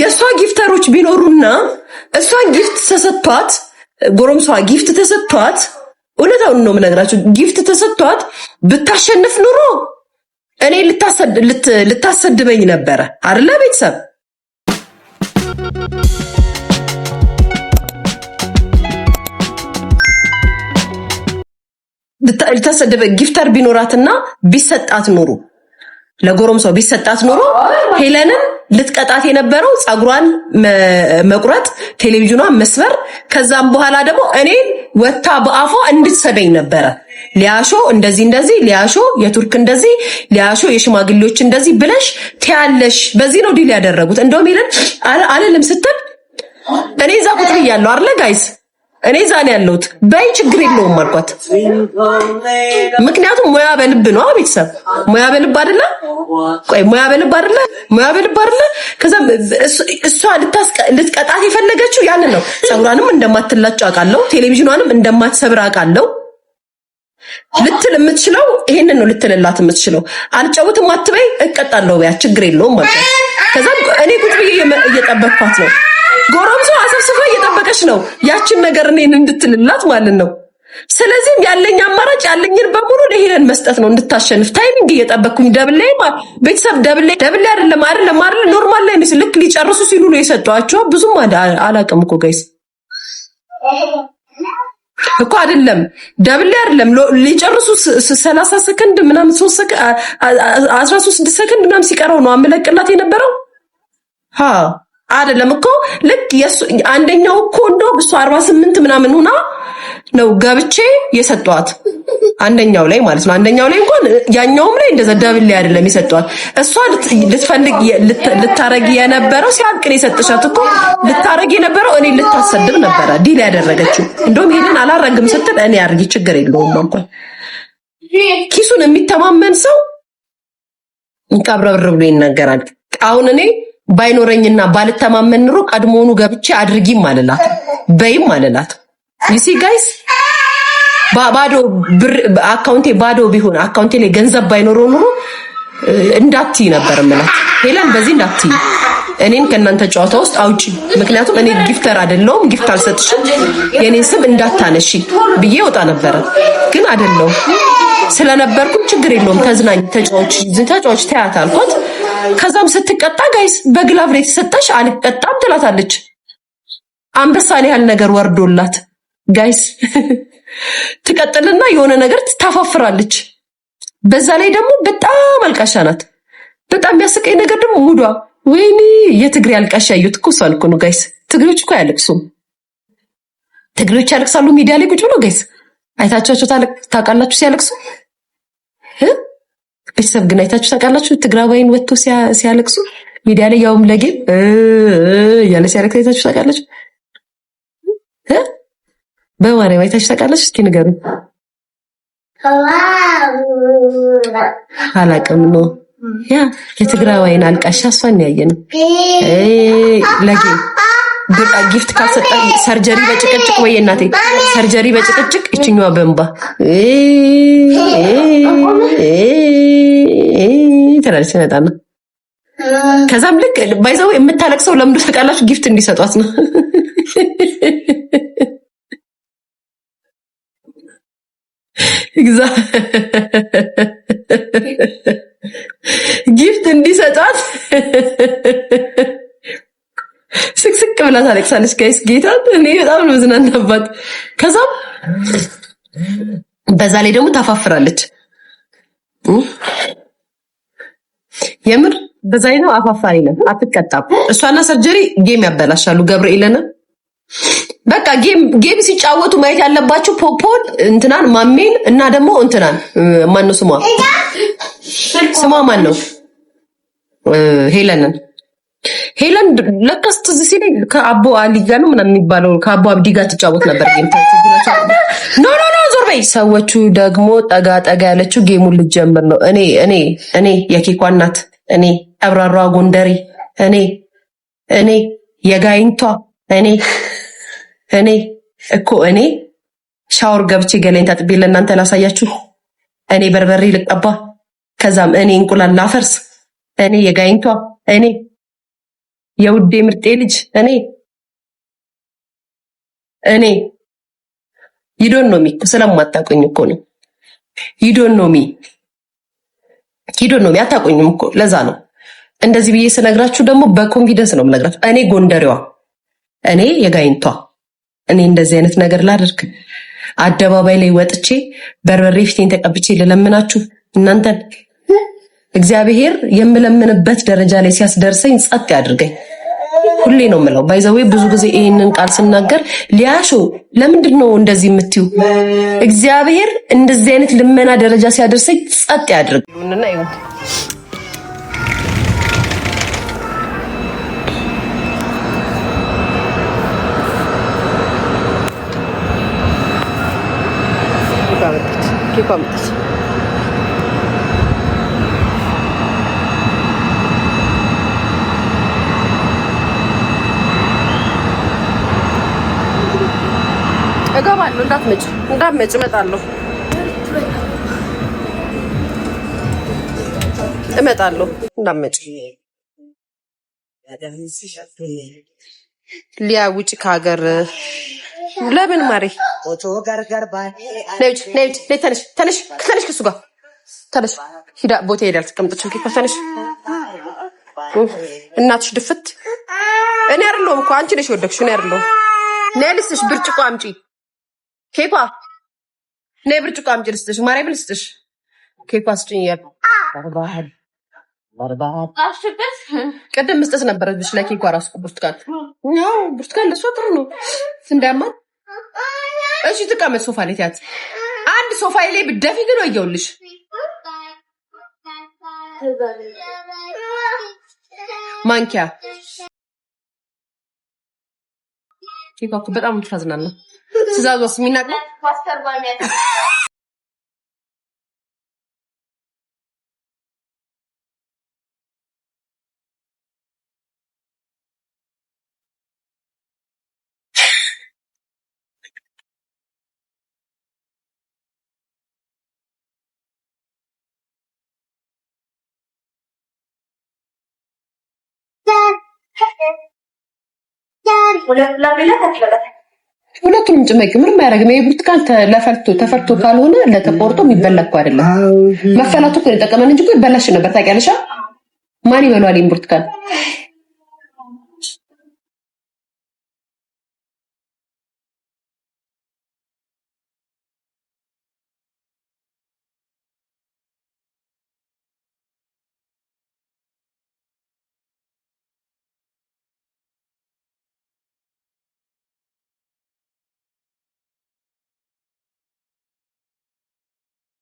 የእሷ ጊፍተሮች ቢኖሩና እሷ ጊፍት ተሰጥቷት ጎረምሷ ጊፍት ተሰጥቷት እውነታውን ነው የምነግራቸው። ጊፍት ተሰጥቷት ብታሸንፍ ኑሮ እኔ ልታሰድበኝ ነበረ አይደለ? ቤተሰብ ልታሰድበ ጊፍተር ቢኖራትና ቢሰጣት ኑሩ፣ ለጎረምሷ ቢሰጣት ኑሮ ሄለንን ልትቀጣት የነበረው ፀጉሯን መቁረጥ፣ ቴሌቪዥኗን መስበር፣ ከዛም በኋላ ደግሞ እኔ ወታ በአፏ እንድትሰደኝ ነበረ። ሊያሾ እንደዚህ እንደዚህ፣ ሊያሾ የቱርክ እንደዚህ፣ ሊያሾ የሽማግሌዎች እንደዚህ ብለሽ ትያለሽ። በዚህ ነው ዲል ያደረጉት። እንደውም ይለን አለልም ስትል እኔ እዛ ቁጥር እያለሁ አርለ ጋይስ እኔ እዛ ነው ያለሁት። በይ ችግር የለውም አልኳት። ምክንያቱም ሙያ በልብ ነው ቤተሰብ ሙያ በልብ አይደለ? ቆይ ሙያ በልብ አይደለ? ሙያ በልብ አይደለ? ከዛ እሷ ልትቀጣት የፈለገችው ያን ነው። ፀጉሯንም እንደማትላጭ አውቃለሁ፣ ቴሌቪዥኗንም እንደማትሰብር አውቃለሁ። ልትል የምትችለው ይሄንን ነው። ልትልላት የምትችለው አልጨውትም አትበይ፣ እቀጣለሁ በያ ችግር የለውም ማለት ከዛ እኔ ቁጭ ብዬ እየጠበቅኳት ነው ጎረም ተሰብስባ እየጠበቀች ነው ያችን ነገር እኔን እንድትልላት ማለት ነው። ስለዚህም ያለኝ አማራጭ ያለኝን በሙሉ ለሄለን መስጠት ነው እንድታሸንፍ። ታይሚንግ እየጠበቅኩኝ ደብላይ ቤተሰብ ደብላይ ደብላይ ደብል ላይ አይደለም አይደለም ኖርማል ላይ ልክ ሊጨርሱ ሲሉ ነው የሰጧቸው። ብዙም አላቅም እኮ ጋይስ እኮ አይደለም ደብላይ አይደለም ሊጨርሱ ሰላሳ ሰከንድ ምናምን ሶስት ሰከንድ አስራ ሶስት ሰከንድ ምናምን ሲቀረው ነው አመለቅላት የነበረው ሃ አይደለም እኮ ልክ አንደኛው እኮ እንዶ እሱ አርባ ስምንት ምናምን ሆና ነው ገብቼ የሰጧት አንደኛው ላይ ማለት ነው። አንደኛው ላይ እንኳን ያኛውም ላይ እንደዛ ደብል ላይ አይደለም የሰጧት። እሷ ልትፈልግ ልታረግ የነበረው ሲያልቅ ነው የሰጥሻት እኮ ልታረግ የነበረው እኔ ልታሰድብ ነበረ ዲል ያደረገችው። እንደውም ይሄንን አላረግም ስትል እኔ አርጊ ችግር የለውም እንኳን ኪሱን የሚተማመን ሰው ቀብረብር ብሎ ይናገራል። አሁን እኔ ባይኖረኝና ባልተማመን ኑሮ ቀድሞውኑ ገብቼ አድርጊም አለላት፣ በይም አለላት። ዩሲ ጋይስ ባዶ ብር አካውንቴ ባዶ ቢሆን አካውንቴ ላይ ገንዘብ ባይኖረው ኑሮ እንዳትይ ነበር ምላት። ሄለን በዚህ እንዳትይ እኔን ከእናንተ ጨዋታ ውስጥ አውጪ። ምክንያቱም እኔ ጊፍተር አይደለሁም፣ ጊፍት አልሰጥሽም፣ የኔን ስም እንዳታነሺ ብዬ ወጣ ነበረ። ግን አይደለሁም ስለነበርኩ ችግር የለውም ተዝናኝ፣ ተጫዋች ተጫዋች ተያት አልኳት። በግላብ ስትቀጣ ጋይስ በግላብ ነው የተሰጠሽ አልቀጣም ትላታለች። አንበሳን ያህል ነገር ወርዶላት ጋይስ ትቀጥልና የሆነ ነገር ታፋፍራለች። በዛ ላይ ደግሞ በጣም አልቃሻ ናት። በጣም የሚያስቀኝ ነገር ደግሞ ሙዷ ወይኔ የትግሬ አልቃሻ ያዩት እኮ እሷን እኮ ነው ጋይስ። ትግሬዎች እኮ አያለቅሱም። ትግሬዎች ያለቅሳሉ ሚዲያ ላይ ቁጭ ብሎ ጋይስ አይታቻቸው ታውቃላችሁ ሲያለቅሱ ቤተሰብ ግን አይታችሁ ታውቃላችሁ? ትግራባይን ወጥቶ ሲያለቅሱ ሚዲያ ላይ ያውም ለጌም እያለ ሲያለቅስ አይታችሁ ታውቃላችሁ? በማርያም አይታችሁ ታውቃላችሁ? እስኪ ንገሩ። አላቅም ነው ያ የትግራዋይን አልቃሻ እሷን ያየን ለጌም ብር ጊፍት ካልሰጠ ሰርጀሪ በጭቅጭቅ ወይ እናቴ ሰርጀሪ በጭቅጭቅ እችኛዋ በእንባ ትላለች። ነጣ ነው። ከዛም ልክ ባይዘው የምታለቅሰው ሰው ለምዶ ትቃላችሁ ጊፍት እንዲሰጧት ነው። እግዛ ጊፍት እንዲሰጧት ስቅስቅ ብላ ታለቅሳለች። ጋይስ ጌታ እኔ በጣም ነው ዝናናባት። ከዛም በዛ ላይ ደግሞ ታፋፍራለች። የምር በዛ ነው አፋፋሪ ነው። አትቀጣም። እሷና ሰርጀሪ ጌም ያበላሻሉ። ገብርኤልና በቃ ጌም ሲጫወቱ ማየት ያለባቸው ፖፖን እንትናን ማሜን እና ደግሞ እንትናን ማነው ስሟ ስሟ ማን ነው ሄለንን ሄለን ለቀስ ትዝ ሲለኝ ከአቦ አሊ ጋር ነው ምናምን የሚባለው ከአቦ አብዲ ጋር ትጫወት ነበር። ኖ ኖ ኖ ዞር በይ። ሰዎቹ ደግሞ ጠጋ ጠጋ ያለችው ጌሙን ልጀምር ነው። እኔ እኔ እኔ የኬኳ እናት እኔ ጠብራሯ ጎንደሬ እኔ እኔ የጋይንቷ እኔ እኔ እኮ እኔ ሻወር ገብቼ ገላይን ታጥቤ ለእናንተ ላሳያችሁ። እኔ በርበሬ ልቀባ ከዛም እኔ እንቁላል ላፈርስ እኔ የጋይንቷ እኔ የውዴ ምርጤ ልጅ እኔ እኔ ይዶን ኖሚ እኮ ስለማታቆኝ እኮ ነው። ይዶን ኖሚ ይዶን ኖሚ አታቆኝም እኮ ለዛ ነው እንደዚህ ብዬ ስነግራችሁ ደግሞ በኮንፊደንስ ነው የምነግራችሁ። እኔ ጎንደሬዋ፣ እኔ የጋይንቷ፣ እኔ እንደዚህ አይነት ነገር ላደርግ አደባባይ ላይ ወጥቼ በርበሬ ፊቴን ተቀብቼ ልለምናችሁ እናንተን እግዚአብሔር የምለምንበት ደረጃ ላይ ሲያስደርሰኝ ጸጥ ያድርገኝ። ሁሌ ነው የምለው። ባይዘዌ ብዙ ጊዜ ይህንን ቃል ስናገር ሊያሾ ለምንድን ነው እንደዚህ የምትዩ? እግዚአብሔር እንደዚህ አይነት ልመና ደረጃ ሲያደርሰኝ ጸጥ ያድርግ። ኪ እገባለሁ። እንዳትመጭ እንዳትመጭ፣ እመጣለሁ እመጣለሁ። እንዳትመጭ ሊያ፣ ውጭ ከሀገር ለምን ማሬ? ነይ ነይ ነይ፣ ተነሽ ተነሽ ከሱ ጋር ተነሽ። ሂዳ ቦታ ሄዳል። ተቀምጠች ተነሽ። እናትሽ ድፍት እኔ አይደለሁም እኮ አንቺ ነሽ የወደቅሽው። እኔ አይደለሁም። ነይ ልስጥሽ፣ ብርጭቆ አምጪ። ኬኳ ነይ ብርጭቆ አምጪ ልስጥሽ፣ ማርያም ልስጥሽ። ኬኳ ስጭኝ እያልኩ ቅድም መስጠት ነበረብሽ ለኬኳ ራሱ ብርቱካን። ያው ብርቱካን ለእሷ ጥሩ ነው እንዳማን። እሺ ትቀመጥ ሶፋ ላይ ትያት። አንድ ሶፋ ላይ ብደፊ ግን ወየውልሽ። ማንኪያ ኬኳ በጣም ትፈዝናለህ። Сызвалился Минако. Dad. Dad. Bueno, la vela está ሁለቱንም ጭመቂ ምንም አያደርግም። የብርቱካን ለፈልቶ ተፈልቶ ካልሆነ ለተቆርጦ የሚበላ እኮ አይደለም። መፈላቱ እኮ የጠቀመን እንጂ እኮ ይበላሽ ነበር። ታውቂያለሽ። ማን ይበላዋል ብርቱካን?